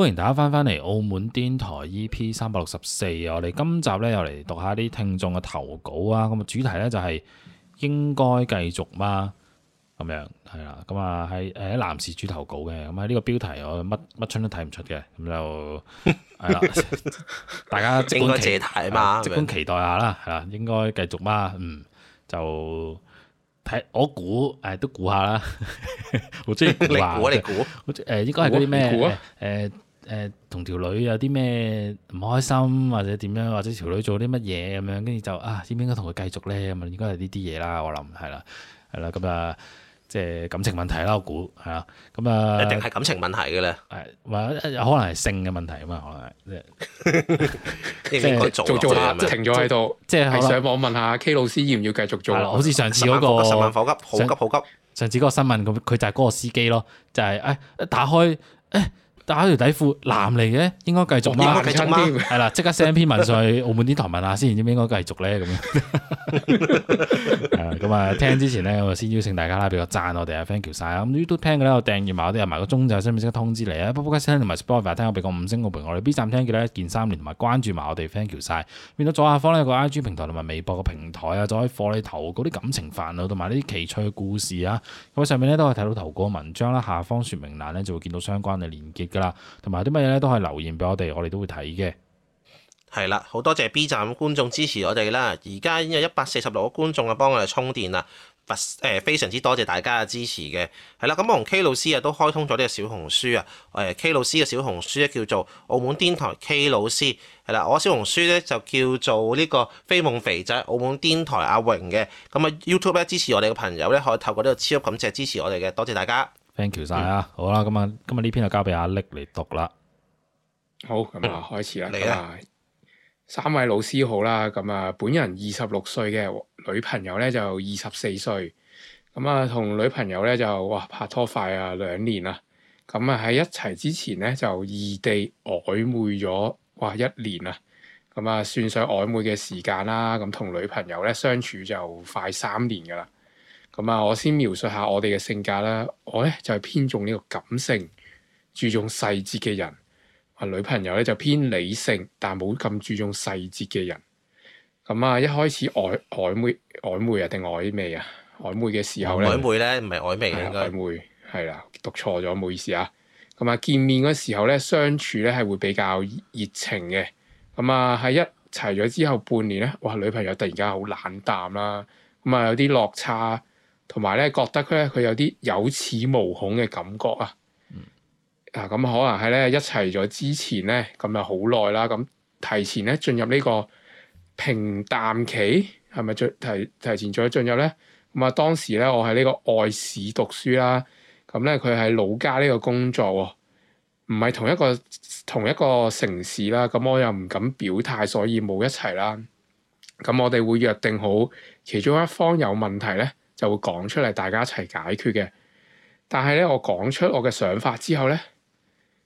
歡迎大家翻返嚟《澳門癲台 EP 三百六十四》，我哋今集咧又嚟讀下啲聽眾嘅投稿啊！咁啊主題咧就係應該繼續嗎？咁樣係啦，咁啊係誒男士主投稿嘅，咁喺呢個標題我乜乜春都睇唔出嘅，咁就係啦。大家應該期待啊嘛，盡管期待下啦，係啦，應該繼續嗎？嗯，就睇我估誒都估下啦。我中意估啊！你估你估，誒應該係啲咩？誒誒同條女有啲咩唔開心，或者點樣，或者條女做啲乜嘢咁樣，跟住就啊，應唔應該同佢繼續咧？咁啊，應該係呢啲嘢啦，我諗係啦，係啦，咁啊，即係感情問題啦，我估係啦，咁啊，一定係感情問題嘅咧，係或者可能係性嘅問題啊嘛，可能即係做、做做下，停咗喺度，即係上網問下 K 老師要唔要繼續做，好似上次嗰個十萬火急，好急好急，上次嗰個新聞咁，佢就係嗰個司機咯，就係、哎、一、打開誒。打開條底褲，男嚟嘅，應該繼續嗎？係啦、哦，即刻 send 篇文上去澳門癲台問下先，應唔 應該繼續咧？咁樣咁啊，聽之前呢，我先邀請大家啦，俾個贊我哋啊 Thank you，晒咁都聽嘅啦，訂閱我訂住埋，我哋埋個鐘就上面即刻通知你啊！波波街聽同埋 Spotify 聽我，我俾個五星我俾我哋 B 站聽嘅一鍵三連同埋關注埋我哋 Thank you，晒。變咗左下方呢個 IG 平台同埋微博個平台啊，就可以幫你投嗰啲感情煩惱啊同埋呢啲奇趣嘅故事啊，咁啊上面咧都可以睇到投稿文章啦，下方説明欄呢，就會見到相關嘅連結噶。同埋啲乜嘢咧，都可以留言俾我哋，我哋都會睇嘅。係啦，好多謝 B 站觀眾支持我哋啦，而家有一百四十六個觀眾啊，幫我哋充電啦，非常之多謝大家嘅支持嘅。係啦，咁我同 K 老師啊都開通咗呢個小紅書啊，誒，K 老師嘅小紅書咧叫做澳門癲台 K 老師，係啦，我小紅書咧就叫做呢個飛夢肥仔澳門癲台阿榮嘅。咁啊，YouTube 咧支持我哋嘅朋友咧，可以透過呢個超級感謝支持我哋嘅，多謝大家。Thank you 曬啊，嗯、好啦，咁啊，今日呢篇就交俾阿力嚟讀啦。好，咁、嗯、啊，開始啦。嚟啦、嗯，三位老師好啦。咁啊，本人二十六歲嘅女朋友咧就二十四歲。咁啊，同女朋友咧就哇拍拖快啊兩年啦。咁啊，喺一齊之前咧就異地曖昧咗哇一年啦。咁啊，算上曖昧嘅時間啦。咁同女朋友咧相處就快三年噶啦。咁啊，我先描述下我哋嘅性格啦。我咧就係、是、偏重呢個感性，注重細節嘅人。啊，女朋友咧就偏理性，但冇咁注重細節嘅人。咁啊，一開始曖曖昧曖昧啊，定曖昧啊？曖昧嘅時候咧，曖昧咧唔係曖昧啊，應該曖昧係啦，讀錯咗，唔好意思啊。咁啊，見面嗰時候咧，相處咧係會比較熱情嘅。咁啊，喺一齊咗之後半年咧，哇，女朋友突然間好冷淡啦。咁啊，有啲落差。同埋咧，覺得佢咧，佢有啲有恃無恐嘅感覺啊。嗱、嗯，咁、啊、可能係咧一齊咗之前咧，咁又好耐啦。咁提前咧進入呢個平淡期，係咪再提提前再進入咧？咁啊，當時咧我喺呢個外市讀書啦，咁咧佢喺老家呢個工作喎、哦，唔係同一個同一個城市啦。咁我又唔敢表態，所以冇一齊啦。咁我哋會約定好，其中一方有問題咧。就會講出嚟，大家一齊解決嘅。但係咧，我講出我嘅想法之後咧，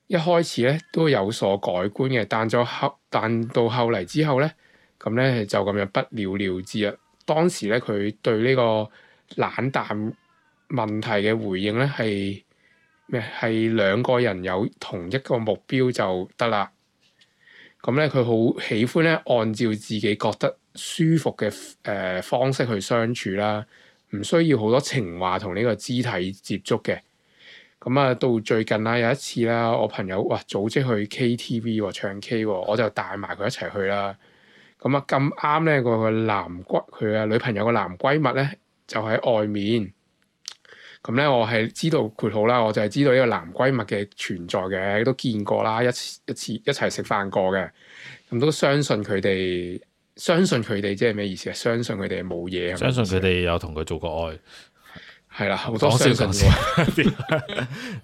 一開始咧都有所改觀嘅。但咗後，但到後嚟之後咧，咁咧就咁樣不了了之啦。當時咧，佢對呢個冷淡問題嘅回應咧係咩？係兩個人有同一個目標就得啦。咁咧，佢好喜歡咧，按照自己覺得舒服嘅誒、呃、方式去相處啦。唔需要好多情話同呢個肢體接觸嘅。咁、嗯、啊到最近啦，有一次啦，我朋友哇組織去 KTV 唱 K，我就帶埋佢一齊去啦。咁啊咁啱咧，個、那個男閨佢啊女朋友個男閨蜜咧就喺外面。咁、嗯、咧我係知道括號啦，我就係知道呢個男閨蜜嘅存在嘅，都見過啦，一次一次一齊食飯過嘅，咁、嗯、都相信佢哋。相信佢哋即係咩意思啊？相信佢哋冇嘢，相信佢哋有同佢做過愛，係啦的，好多相信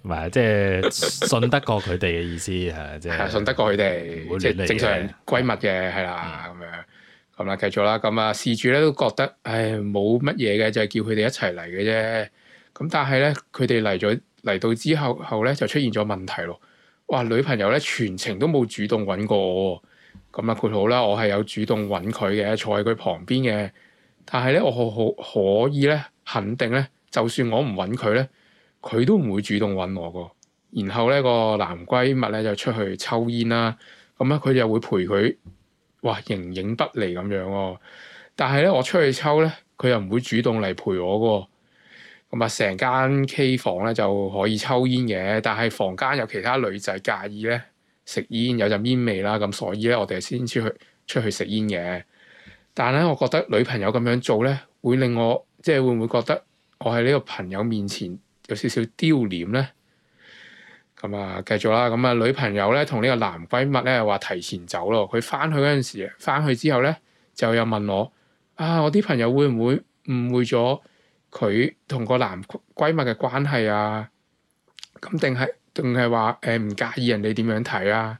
唔係，即係信得過佢哋嘅意思係，即係信得過佢哋，即係正常閨蜜嘅係啦，咁樣咁啦，繼續啦。咁啊，事主咧都覺得唉冇乜嘢嘅，就係、是、叫佢哋一齊嚟嘅啫。咁但係咧，佢哋嚟咗嚟到之後後咧就出現咗問題咯。哇，女朋友咧全程都冇主動揾過我。咁啊，括號啦，我係有主動揾佢嘅，坐喺佢旁邊嘅。但係咧，我可可可以咧，肯定咧，就算我唔揾佢咧，佢都唔會主動揾我噶。然後咧，個男閨蜜咧就出去抽煙啦。咁、嗯、咧，佢又會陪佢，哇，形影不離咁樣喎。但係咧，我出去抽咧，佢又唔會主動嚟陪我噶。咁、嗯、啊，成間 K 房咧就可以抽煙嘅，但係房間有其他女仔介意咧。食煙有陣煙味啦，咁、啊、所以咧，我哋先出去出去食煙嘅。但係咧，我覺得女朋友咁樣做咧，會令我即係會唔會覺得我喺呢個朋友面前有少少丟臉咧？咁、嗯、啊，繼續啦。咁、嗯、啊，女朋友咧同呢個男閨蜜咧話提前走咯。佢翻去嗰陣時，翻去之後咧就又問我：啊，我啲朋友會唔會誤會咗佢同個男閨蜜嘅關係啊？咁定係？定係話誒唔介意人哋點樣睇啊？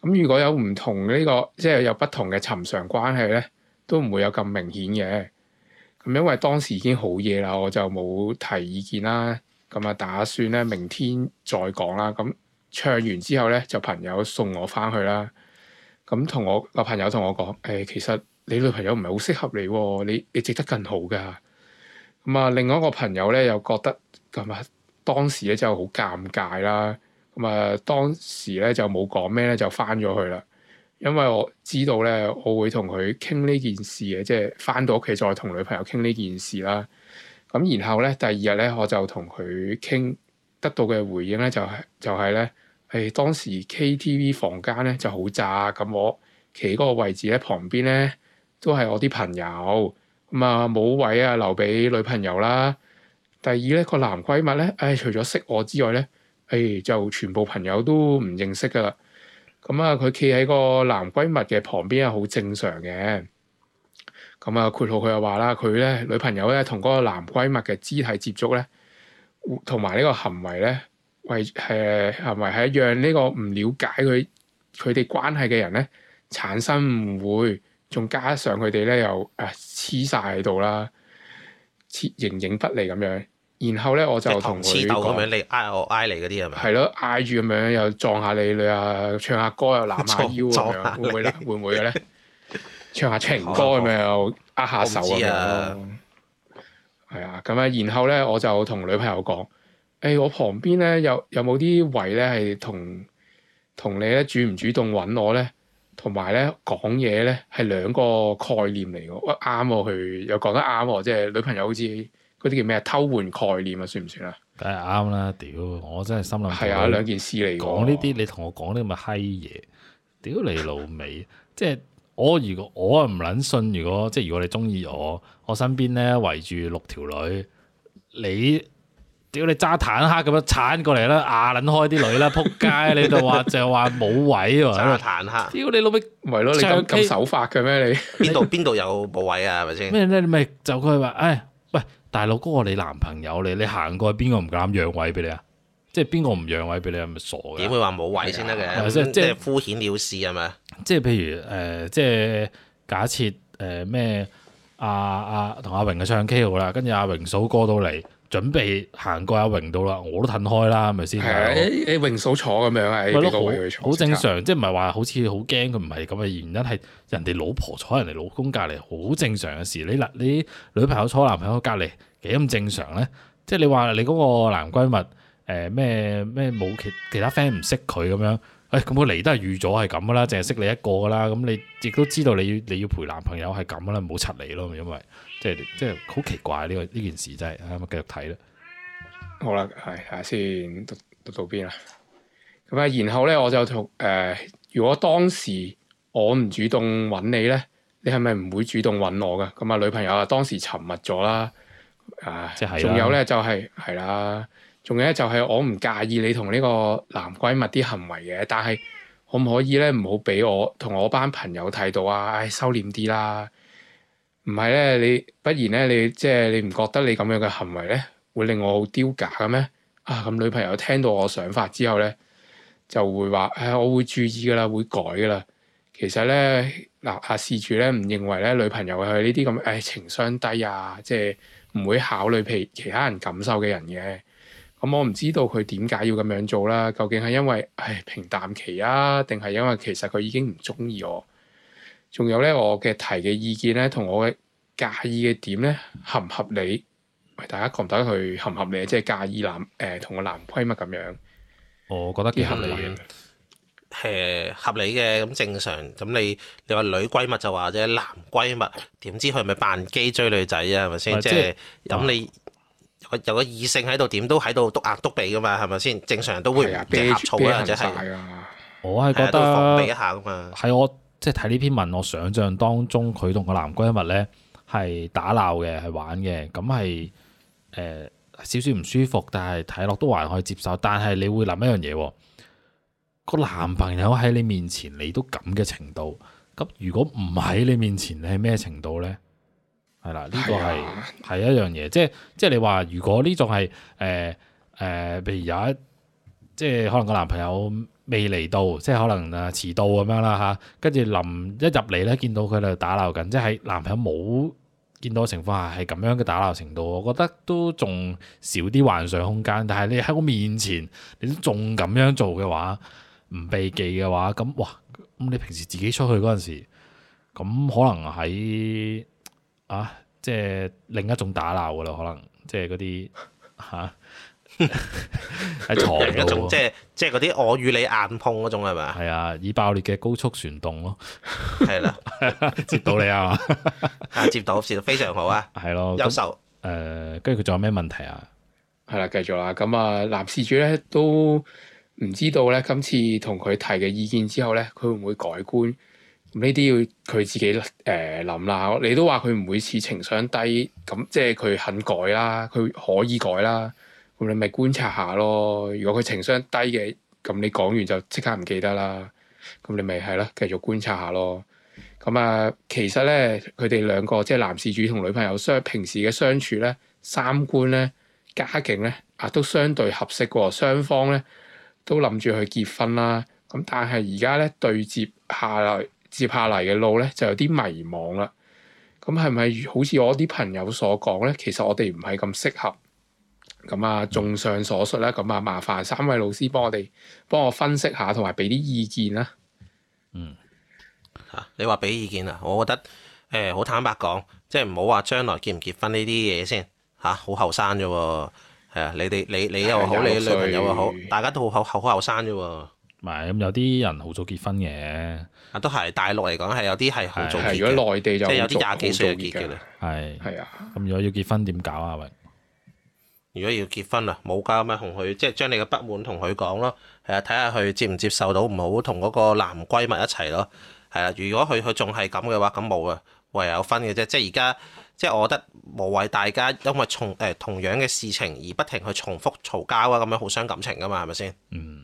咁如果有唔同嘅呢個，即係有不同嘅尋常關係咧，都唔會有咁明顯嘅。咁因為當時已經好夜啦，我就冇提意見啦。咁啊，打算咧明天再講啦。咁唱完之後咧，就朋友送我翻去啦。咁同我個朋友同我講：誒，其實你女朋友唔係好適合你喎，你你值得更好㗎。咁啊，另外一個朋友咧又覺得咁啊。當時咧就好尷尬啦，咁啊當時咧就冇講咩咧就翻咗去啦，因為我知道咧，我會同佢傾呢件事嘅，即係翻到屋企再同女朋友傾呢件事啦。咁然後咧第二日咧我就同佢傾，得到嘅回應咧就係、係、就係、係、咧，係、哎、當時 KTV 房間咧就好炸，咁我企嗰個位置咧旁邊咧都係我啲朋友，咁啊冇位啊留俾女朋友啦。第二咧個男閨蜜咧，唉、哎，除咗識我之外咧，誒、哎、就全部朋友都唔認識噶啦。咁、嗯、啊，佢企喺個男閨蜜嘅旁邊啊、嗯，係好正常嘅。咁啊，括號佢又話啦，佢咧女朋友咧同嗰個男閨蜜嘅肢體接觸咧，同埋呢個行為咧，為誒行為係讓呢個唔了解佢佢哋關係嘅人咧產生誤會，仲加上佢哋咧又誒黐晒喺度啦，黐、啊、形影不離咁樣。然後咧，我就同佢講、喔、你嗌我嗌你嗰啲係咪？係咯，嗌住咁樣又撞下你，你啊唱下歌又攬下腰咁樣， 下 會唔會咧？會唔會嘅咧？唱下情歌咁樣、啊、又握下手咁、啊、樣。係啊，咁啊，然後咧，我就同女朋友講：誒、哎，我旁邊咧有有冇啲位咧係同同你咧主唔主動揾我咧？同埋咧講嘢咧係兩個概念嚟嘅。喂，啱喎，佢又講得啱喎，即係女朋友好似。嗰啲叫咩？偷換概念啊，算唔算啊？梗係啱啦！屌，我真係心諗係啊，兩件事嚟。講呢啲你同我講啲咁嘅閪嘢，屌你老味！即係我如果我唔捻信，如果即係如果你中意我，我身邊咧圍住六條女，你屌你揸坦克咁樣鏟過嚟啦，啊捻開啲女啦，扑街！你就話就話冇位喎，坦克！屌你老味，係咯？你咁咁手法嘅咩？你邊度邊度有冇位啊？係咪先？咩咧？你咪就佢話，哎喂！大佬哥，你男朋友你你行過去邊個唔敢讓位俾你，位你，你啊？即係邊個唔讓位俾你係咪傻嘅？點會話冇位先得嘅？即係敷衍了事係咪、呃？即係譬如誒，即係假設誒咩阿阿同阿榮去唱 K 好啦，跟住阿榮嫂過到嚟。準備行過阿榮到啦，我都褪開啦，係咪先？係啊的，阿我榮嫂坐咁樣係好正常，即係唔係話好似好驚，佢唔係咁嘅原因係人哋老婆坐人哋老公隔離，好正常嘅事。你嗱你女朋友坐男朋友隔離幾咁正常咧？即係你話你嗰個男閨蜜誒咩咩冇其其他 friend 唔識佢咁樣，哎，誒咁佢嚟都係預咗係咁噶啦，淨係識你一個噶啦，咁你亦都知道你要你要陪男朋友係咁啦，唔好出嚟咯，因為。即係即係好奇怪呢個呢件事真係，咁啊繼續睇啦。好啦，係睇下先，讀讀到邊啊？咁啊，然後咧我就同誒、呃，如果當時我唔主動揾你咧，你係咪唔會主動揾我噶？咁、嗯、啊，女朋友啊，當時沉默咗啦。啊，即係。仲有咧就係係啦，仲有咧就係我唔介意你同呢個男閨蜜啲行為嘅，但係可唔可以咧唔好俾我同我班朋友睇到啊？唉，收斂啲啦。唔係咧，你不然咧，你即係你唔覺得你咁樣嘅行為咧，會令我好丟架嘅咩？啊，咁女朋友聽到我想法之後咧，就會話：誒、哎，我會注意噶啦，會改噶啦。其實咧，嗱、啊，阿事主咧唔認為咧女朋友係呢啲咁，誒、哎，情商低啊，即係唔會考慮譬如其他人感受嘅人嘅。咁、嗯、我唔知道佢點解要咁樣做啦。究竟係因為誒、哎、平淡期啊，定係因為其實佢已經唔中意我？仲有咧，我嘅提嘅意見咧，同我嘅介意嘅點咧，合唔合理？大家覺唔覺得佢合唔合理？即係、就是、介意男誒同個男閨蜜咁樣。我、哦、覺得幾合理嘅。誒、嗯、合理嘅，咁正常。咁你你話女閨蜜就話或者男閨蜜點知佢係咪扮基追女仔啊？係咪先？即係咁你有，有個異性喺度，點都喺度篤眼篤鼻噶嘛？係咪先？正常人都會唔驚呷醋啊！即係、就是、了我係覺得防備一下噶嘛。係我。即係睇呢篇文，我想像當中佢同個男閨蜜咧係打鬧嘅，係玩嘅，咁係誒少少唔舒服，但係睇落都還可以接受。但係你會諗一樣嘢，個男朋友喺你面前你都咁嘅程度，咁如果唔喺你面前，你係咩程度咧？係啦、啊，呢個係係一樣嘢，即係即係你話，如果呢種係誒誒，譬如有一即係可能個男朋友。未嚟到，即係可能啊遲到咁樣啦嚇，跟住臨一入嚟咧，見到佢哋打鬧緊，即係男朋友冇見到嘅情況下，係咁樣嘅打鬧程度，我覺得都仲少啲幻想空間。但係你喺我面前，你都仲咁樣做嘅話，唔避忌嘅話，咁哇，咁你平時自己出去嗰陣時，咁可能喺啊，即係另一種打鬧噶啦，可能即係嗰啲嚇。啊喺 床度，即係即係嗰啲我與你硬碰嗰種係咪啊？係啊，以爆裂嘅高速旋動咯，係 啦、 啊，接到你 啊，接到，接到非常好啊，係咯、啊，優秀愁。誒，跟住佢仲有咩問題啊？係啦，繼續啦。咁啊，男事、啊、主咧都唔知道咧，今次同佢提嘅意見之後咧，佢會唔會改觀？呢啲要佢自己誒諗啦。你都話佢唔會似情商低，咁即係佢肯改啦，佢可以改啦。你咪觀察下咯，如果佢情商低嘅，咁你講完就即刻唔記得啦。咁你咪係咯，繼續觀察下咯。咁啊，其實咧，佢哋兩個即係、就是、男事主同女朋友相平時嘅相處咧，三觀咧、家境咧，啊都相對合適過、哦，雙方咧都諗住去結婚啦。咁但係而家咧對接下嚟接下嚟嘅路咧就有啲迷茫啦。咁係咪好似我啲朋友所講咧？其實我哋唔係咁適合。咁啊，嗯、綜上所述啦，咁啊，麻煩三位老師幫我哋幫我分析下，同埋俾啲意見啦。嗯，嚇、啊、你話俾意見啊？我覺得誒，好、欸、坦白講，即係唔好話將來結唔結婚呢啲嘢先吓，好後生啫喎。係啊，你哋你你又好，啊、你女朋友又好，大家都好後好後生啫喎。咪咁、嗯、有啲人好早結婚嘅，啊都係大陸嚟講係有啲係好早結、啊，如果內地就即有啲廿幾歲就結嘅，係係啊。咁、啊、如果要結婚點搞啊？喂。如果要結婚啦，冇交咪同佢，即係將你嘅不滿同佢講咯。係啊，睇下佢接唔接受到，唔好同嗰個男閨蜜一齊咯。係啊，如果佢佢仲係咁嘅話，咁冇啊，唯有分嘅啫。即係而家，即係我覺得無謂大家因為重誒同樣嘅事情而不停去重複嘈交啊，咁樣好傷感情㗎嘛，係咪先？嗯。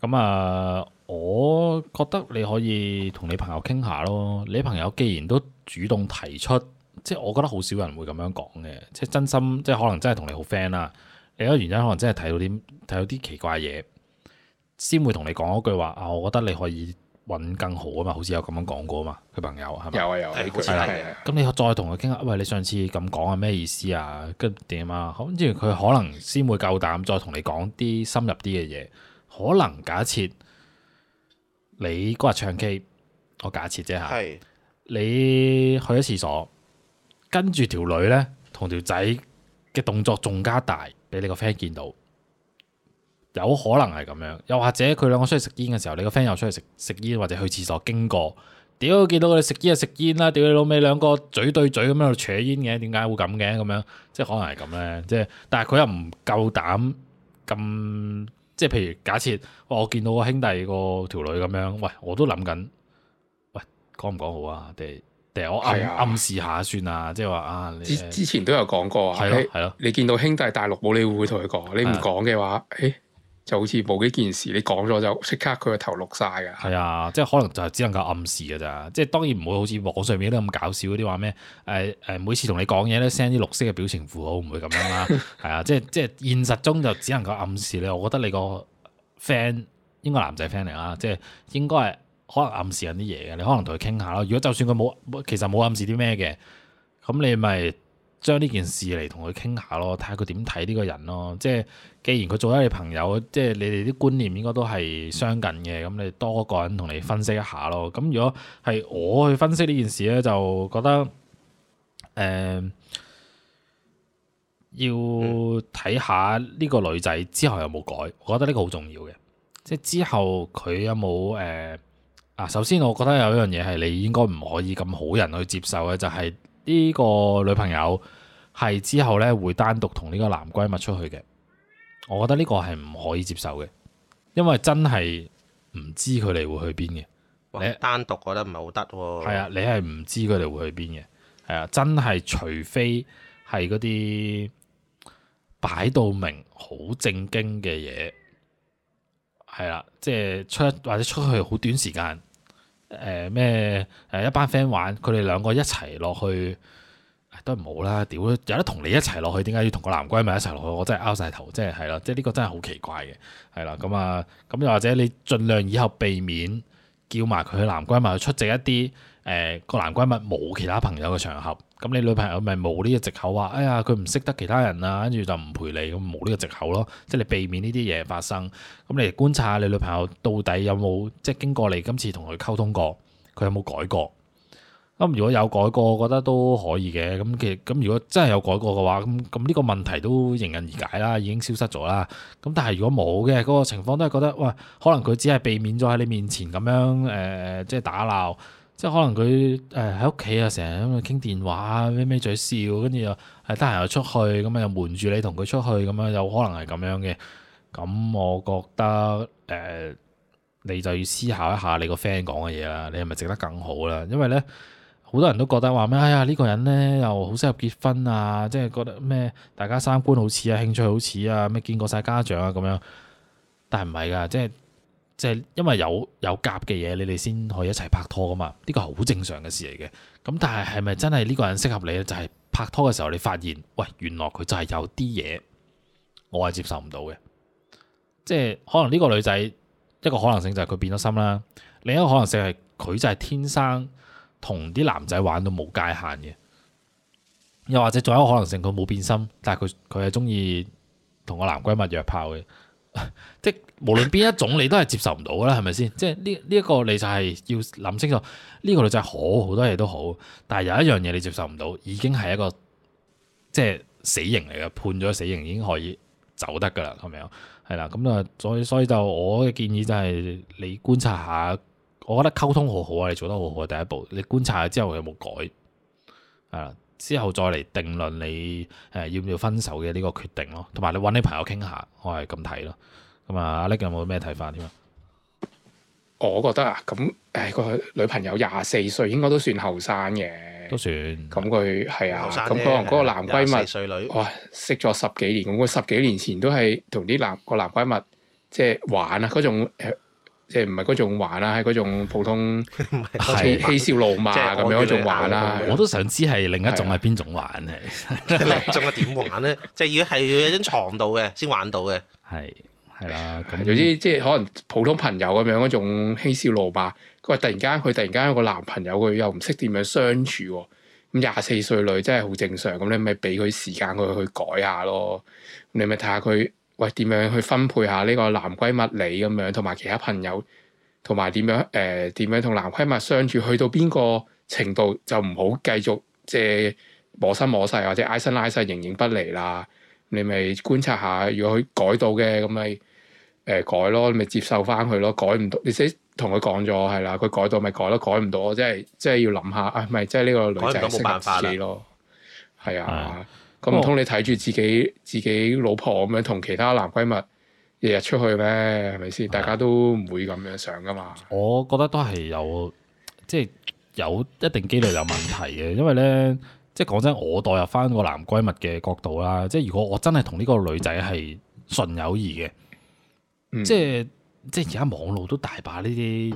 咁啊，我覺得你可以同你朋友傾下咯。你朋友既然都主動提出。即係我覺得好少人會咁樣講嘅，即係真心，即係可能真係同你好 friend 啦。另一個原因可能真係睇到啲睇到啲奇怪嘢，先會同你講一句話啊。我覺得你可以搵更好啊嘛，好似有咁樣講過啊嘛，佢朋友係咪？有啊有，係係。咁你再同佢傾下，喂、哎，你上次咁講係咩意思啊？跟點啊？咁之後佢可能先會夠膽再同你講啲深入啲嘅嘢。可能假設你嗰日唱 K，我假設啫吓，的你去咗廁所。跟住條女呢，同條仔嘅動作仲加大，俾你個 friend 見到，有可能係咁樣。又或者佢兩個出去食煙嘅時候，你個 friend 又出去食食煙，或者去廁所經過，屌見到佢哋食煙就食煙啦，屌你老味兩個嘴對嘴咁喺度扯煙嘅，點解會咁嘅咁樣？即係可能係咁呢。即係但係佢又唔夠膽咁，即係譬如假設、哦、我見到我兄弟、個條女咁樣，喂我都諗緊，喂講唔講好啊？定？定我暗暗示下算啦，即係話啊，之之前都有講過啊，係咯，你見到兄弟大陸冇你，會唔會同佢講？你唔講嘅話，誒的、哎，就好似冇幾件事，你講咗就即刻佢個頭綠晒噶。係啊，即係可能就係只能夠暗示噶咋，即係當然唔會好似網上面都咁搞笑嗰啲話咩，誒誒，每次同你講嘢咧 send 啲綠色嘅表情符號，唔會咁樣啦。係啊， 即係即係現實中就只能夠暗示咧。我覺得你個 friend 應該男仔 friend 嚟啊，即係應該係。可能暗示緊啲嘢嘅，你可能同佢傾下咯。如果就算佢冇，其實冇暗示啲咩嘅，咁你咪將呢件事嚟同佢傾下咯，睇下佢點睇呢個人咯。即係既然佢做咗你朋友，即係你哋啲觀念應該都係相近嘅，咁你多個人同你分析一下咯。咁如果係我去分析呢件事咧，就覺得誒、呃、要睇下呢個女仔之後有冇改，我覺得呢個好重要嘅。即係之後佢有冇誒？呃啊，首先我覺得有一樣嘢係你應該唔可以咁好人去接受嘅，就係呢個女朋友係之後咧會單獨同呢個男閨蜜出去嘅。我覺得呢個係唔可以接受嘅，因為真係唔知佢哋會去邊嘅。哇你單獨覺得唔係好得喎。係啊，你係唔知佢哋會去邊嘅。係啊，真係除非係嗰啲擺到明好正經嘅嘢，係啦，即係出或者出去好短時間。誒咩，誒一班 friend 玩，佢哋兩個一齊落去，都唔好啦！屌，有得同你一齊落去，點解要同個男閨蜜一齊落去？我真係拗晒頭，即係係啦，即係呢個真係好奇怪嘅，係啦，咁、嗯、啊，咁又、嗯嗯、或者你盡量以後避免叫埋佢男閨蜜去出席一啲。誒、呃、個男閨蜜冇其他朋友嘅場合，咁你女朋友咪冇呢個藉口話，哎呀佢唔識得其他人啊，跟住就唔陪你，咁冇呢個藉口咯，即係你避免呢啲嘢發生。咁你觀察下你女朋友到底有冇即係經過你今次同佢溝通過，佢有冇改過？咁如果有改過，我覺得都可以嘅。咁其實咁如果真係有改過嘅話，咁咁呢個問題都迎刃而解啦，已經消失咗啦。咁但係如果冇嘅嗰個情況，都係覺得，喂、呃，可能佢只係避免咗喺你面前咁樣誒、呃，即係打鬧。即係可能佢誒喺屋企啊，成日喺度傾電話，咩咩嘴笑，跟住又係得閒又出去，咁啊又瞞住你同佢出去，咁啊有可能係咁樣嘅。咁、嗯、我覺得誒、呃，你就要思考一下你個 friend 講嘅嘢啦，你係咪值得更好啦？因為咧好多人都覺得話咩，哎呀呢、這個人咧又好適合結婚啊，即係覺得咩，大家三觀好似啊，興趣好似啊，咩見過晒家長啊咁樣，但係唔係噶，即係。即係因為有有夾嘅嘢，你哋先可以一齊拍拖噶嘛？呢個係好正常嘅事嚟嘅。咁但係係咪真係呢個人適合你咧？就係、是、拍拖嘅時候，你發現喂，原來佢就係有啲嘢我係接受唔到嘅。即係可能呢個女仔一個可能性就係佢變咗心啦，另一個可能性係佢就係天生同啲男仔玩到冇界限嘅。又或者仲有一個可能性，佢冇變心，但係佢佢係中意同個男閨蜜約炮嘅。 即係無論邊一種你都係接受唔到噶啦，係咪先？ 即係呢呢一個你就係要諗清楚呢個女仔好好多嘢，都好，但係有一樣嘢你接受唔到，已經係一個即係死刑嚟嘅，判咗死刑已經可以走得噶啦，係咪啊？係啦，咁啊，所以所以就我嘅建議就係你觀察下，我覺得溝通好好啊，你做得好好，第一步你觀察下之後有冇改啊？之後再嚟定論你誒要唔要分手嘅呢個決定咯，同埋你揾你朋友傾下，我係咁睇咯。咁啊，阿力有冇咩睇法添啊？我覺得啊，咁、那、誒個女朋友廿四歲，應該都算後生嘅，都算。咁佢係啊，後生，咁嗰個嗰個男閨蜜，哇，哎、識咗十幾年，咁佢十幾年前都係同啲男個男閨蜜即係玩啊，嗰種即係唔係嗰種玩啦，係嗰種普通，係嬉笑怒罵咁樣嗰種玩啦。我都想知係另一種係邊種玩咧？邊、啊、種嘅點玩咧、啊？即係如果係有張床度嘅，先玩到嘅。係係啦，總之即係可能普通朋友咁樣嗰種嬉笑怒罵。佢話突然間，佢突然間有個男朋友，佢又唔識點樣相處。咁廿四歲女真係好正常。咁你咪俾佢時間佢去改下咯。你咪睇下佢。喂，點樣去分配下呢個男閨蜜你咁樣，同埋其他朋友，同埋點樣誒點、呃、樣同男閨蜜相處？去到邊個程度就唔好繼續即係磨身磨世，或者挨身挨世，形影不離啦。你咪觀察下，如果佢改到嘅咁咪誒改咯，你咪接受翻佢咯。改唔到，你即係同佢講咗係啦，佢改到咪改，改、哎、咯，改唔到我即係即係要諗下啊，咪即係呢個女仔冇辦法啦。係啊。咁唔通你睇住自己我自己老婆咁樣同其他男閨蜜日日出去咩？係咪先？大家都唔會咁樣想噶嘛？我覺得都係有即係、就是、有一定機率有問題嘅，因為咧即係講真，我代入返個男閨蜜嘅角度啦，即係如果我真係同呢個女仔係純友誼嘅，嗯、即係即係而家網絡都大把呢啲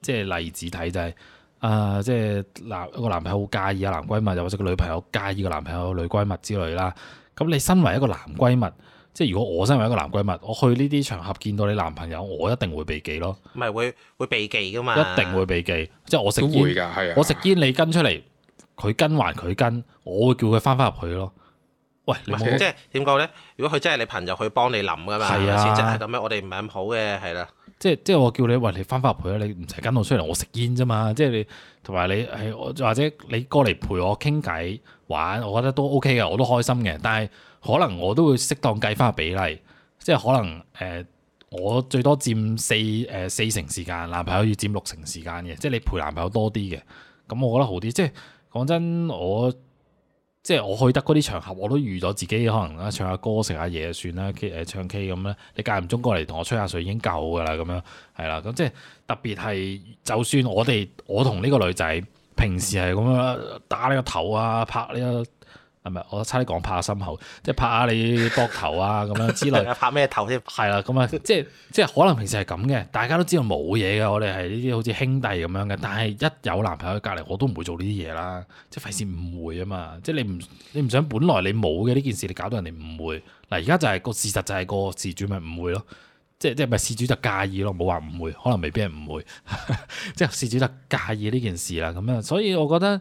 即係例子睇就係、是。誒、呃，即係男個男朋友好介意啊，男閨蜜又或者個女朋友介意個男朋友女閨蜜之類啦。咁你身為一個男閨蜜，即係如果我身為一個男閨蜜，我去呢啲場合見到你男朋友，我一定會避忌咯。唔係會會避忌噶嘛？一定會避忌，即係我食煙，會啊、我食煙你跟出嚟，佢跟還佢跟，我會叫佢翻返入去咯。喂，唔好即係點講咧？如果佢真係你朋友，佢幫你諗噶嘛？係啊，事實係咁樣，我哋唔係咁好嘅，係啦。即係即係我叫你喂，你翻返嚟陪啦，你唔使跟我出嚟，我食煙啫嘛。即係你同埋你係，或者你過嚟陪我傾偈玩，我覺得都 OK 嘅，我都開心嘅。但係可能我都會適當計翻個比例，即係可能誒、呃、我最多佔四誒、呃、四成時間，男朋友要佔六成時間嘅，即係你陪男朋友多啲嘅，咁我覺得好啲。即係講真我。即係我去得嗰啲場合，我都預咗自己可能啦，唱下歌、食下嘢算啦，K 誒、呃、唱 K 咁咧。你間唔中過嚟同我吹下水已經夠噶啦，咁樣係啦。咁即係特別係，就算我哋我同呢個女仔平時係咁樣打呢個頭啊，拍呢、呢個。係咪？我差啲講拍下心口，即係拍下你膊頭啊，咁樣之類。 拍咩頭先？係啦，咁啊，即係即係可能平時係咁嘅。大家都知道冇嘢嘅，我哋係呢啲好似兄弟咁樣嘅。但係一有男朋友喺隔籬，我都唔會做呢啲嘢啦。即係費事誤會啊嘛。即係你唔你唔想本來你冇嘅呢件事，你搞到人哋誤會。嗱、就是，而家就係個事實就係個事主咪誤會咯。即係即係咪事主就介意咯？冇話誤會，可能未必係誤會。 即係事主就介意呢件事啦。咁樣，所以我覺得誒、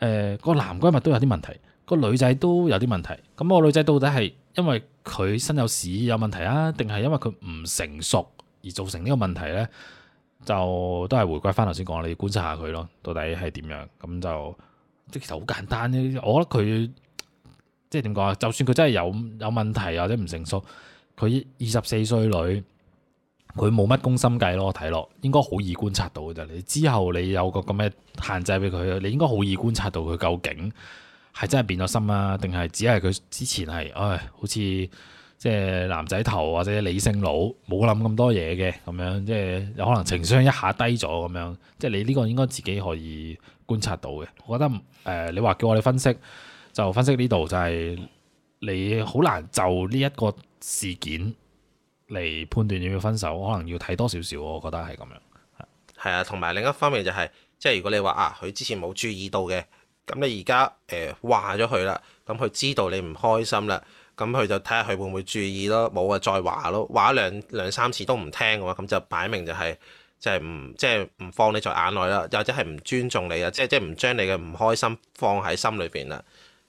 呃那個男閨蜜都有啲問題。個女仔都有啲問題，咁個女仔到底係因為佢身有屎有問題啊，定係因為佢唔成熟而造成呢個問題呢？就都係回歸翻頭先講，你要觀察下佢咯，到底係點樣？咁就即係其實好簡單咧。我覺得佢即係點講啊？就算佢真係有有問題或者唔成熟，佢二十四歲女，佢冇乜攻心計咯。睇落應該好易觀察到嘅啫。你之後你有個咁嘅限制俾佢，你應該好易觀察到佢究竟。係真係變咗心啊？定係只係佢之前係，唉，好似即係男仔頭或者理性佬冇諗咁多嘢嘅咁樣，即係有可能情商一下低咗咁樣。即係你呢個應該自己可以觀察到嘅。我覺得誒、呃，你話叫我哋分析，就分析呢度就係你好難就呢一個事件嚟判斷要唔要分手，可能要睇多少少。我覺得係咁樣。係啊，同埋另一方面就係、是，即係如果你話啊，佢之前冇注意到嘅。咁你而家誒話咗佢啦，咁佢知道你唔開心啦，咁佢就睇下佢會唔會注意咯。冇啊，再話咯，話兩兩三次都唔聽嘅話，咁就擺明就係就係唔即係唔放你在眼內啦，又或者係唔尊重你啊，即係即係唔將你嘅唔開心放喺心裏邊啊，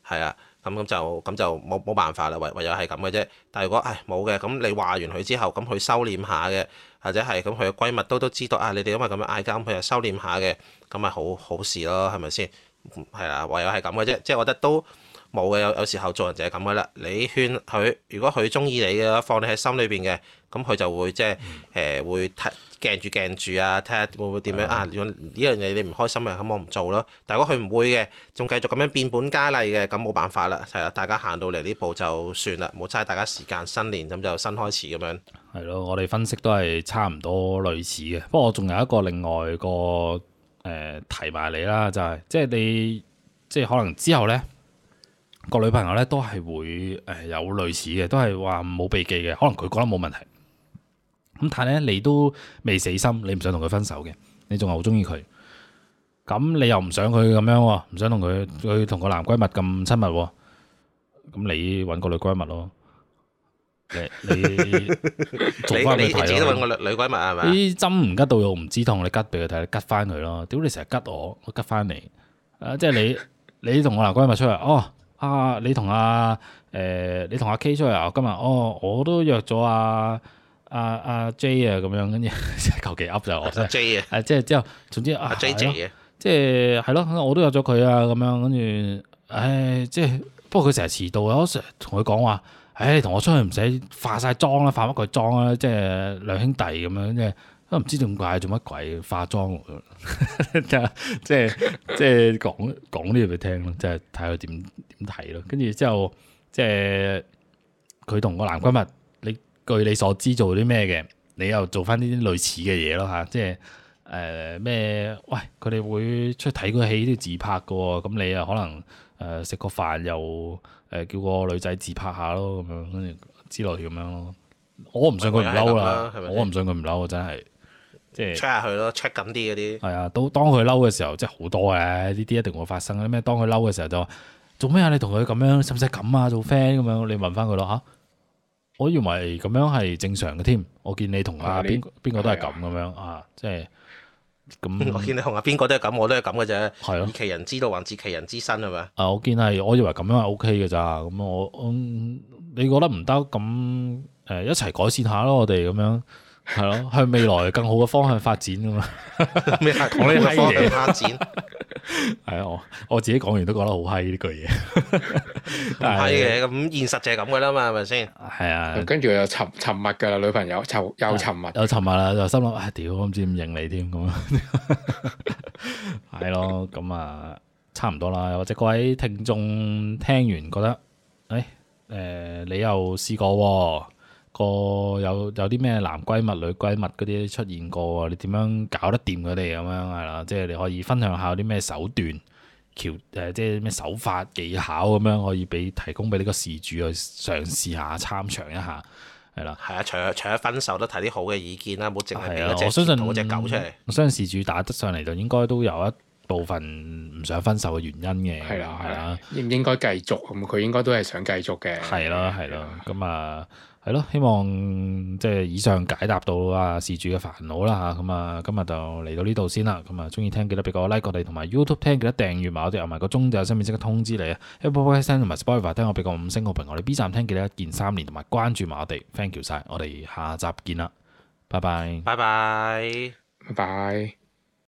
係啊，咁咁就咁就冇冇辦法啦，唯唯有係咁嘅啫。但係如果唉冇嘅，咁你話完佢之後，咁佢收斂下嘅，或者係咁佢嘅閨蜜都都知道啊，你哋因為咁樣嗌交，佢又收斂下嘅，咁咪好好事咯，係咪先？係啦，唯有係咁嘅啫，即係覺得都冇嘅。有有時候做人就係咁嘅啦。你勸佢，如果佢中意你嘅放你喺心裏邊嘅，咁佢就會即係誒、呃、會睇鏡住鏡住的啊，睇下會唔會點樣啊？如果呢樣嘢你唔開心，就希我唔做咯。但如果佢唔會嘅，仲繼續咁樣變本加厲嘅，咁冇辦法啦。係啦，大家行到嚟呢步就算啦，冇差別大家時間。新年咁就新開始咁樣。係咯，我哋分析都係差唔多類似嘅。不過我仲有一個另外個。誒、呃，提埋你啦，就係、是、即係你，即係可能之後咧個女朋友咧都係會誒有類似嘅，都係話冇避忌嘅，可能佢覺得冇問題。咁但係咧，你都未死心，你唔想同佢分手嘅，你仲係好中意佢。咁你又唔想佢咁樣，唔想同佢佢同個男閨蜜咁親密，咁你揾個女閨蜜咯。你做翻俾佢睇，自己揾個女閨蜜係咪？啲針唔吉到，又唔知痛，你吉俾佢睇，吉翻佢咯。屌你成日吉我，我吉翻你。啊，即係你你同我男閨蜜出嚟，哦啊，你同阿誒你同阿 K 出嚟啊，今日哦，我都約咗阿阿阿 J 啊，咁樣跟住，即係求其噏就我。阿 J 啊，即係之後，總之阿 J J 即係係咯，我都約咗佢啊，咁樣跟住，唉，即係不過佢成日遲到啊，我成日同佢講話。誒，同、哎、我出去唔使化晒妝啦，化乜鬼妝啦？即係兩兄弟咁樣，即係都唔知點解做乜鬼化妝，即係即係講講呢啲俾佢聽咯，即係睇佢點點睇咯。跟住之後，即係佢同個男閨蜜，你據你所知做啲咩嘅？你又做翻呢啲類似嘅嘢咯吓，即係誒咩？喂，佢哋會出去睇個戲都要自拍㗎喎，咁你又可能誒食個飯又。誒叫個女仔自拍下咯，咁樣跟住之類咁樣咯。我唔信佢唔嬲啦，係咪咁樣啊、係咪我唔信佢唔嬲，真係即係 check 下佢咯，check 緊啲嗰啲。係啊，都當佢嬲嘅時候，即係好多嘅呢啲一定會發生。咩？當佢嬲嘅時候就話做咩啊？你同佢咁樣使唔使咁啊？做 friend 咁樣，你，要要樣、嗯、你問翻佢咯嚇。我以為咁樣係正常嘅添，我見你同阿邊邊個都係咁咁樣、嗯、啊，即係。咁、嗯、我見你同阿邊個都係咁，我都係咁嘅啫。係、啊、以其人之道還治其人之身，係咪啊？我見係，我以為咁樣係 OK 嘅咋。咁我、嗯、你覺得唔得，咁誒、呃、一齊改善下咯，我哋咁樣。係咯， 向未來更好嘅方向發展噶嘛？講呢閪嘢，發展係啊！ 我我自己講完都覺得好閪呢句嘢，唔係嘅。咁，現實就係咁噶啦嘛，係咪先？係啊，跟住又沉沉默噶啦，女朋友沉又沉默，又 沉默啦，就心諗唉，屌，哎，我唔知點應你添咁啊，係 咯，咁啊，差唔多啦。或者各位聽眾聽完覺得，誒、哎，誒、呃，你又試過？個有有啲咩男閨蜜、女閨蜜嗰啲出現過，你點樣搞得掂佢哋咁樣係啦？即係你可以分享下啲咩手段、橋誒，即係咩手法技巧咁樣可以俾提供俾呢個事主去嘗試下參詳一下，係啦。係啊，除除咗分手都提啲好嘅意見啦，冇淨係我相信同嗰隻狗出嚟。我相信事主打得上嚟就應該都有一部分唔想分手嘅原因嘅。係啦係啦，應應該繼續咁，佢應該都係想繼續嘅。係啦係啦，咁啊。係咯，希望即係以上解答到啊事主嘅煩惱啦嚇，咁、嗯、啊今日就嚟到呢度先啦，咁啊中意聽記得俾個 like 我哋，同埋 YouTube 聽記得訂閱埋我哋，同埋個鐘就有新片即刻通知你啊，Apple Podcast 同埋 Spotify 聽我俾個五星好評我哋，B 站聽記得一鍵三連，同埋關注埋我哋，thank you 晒，我哋下集見啦，拜拜，拜拜，拜拜。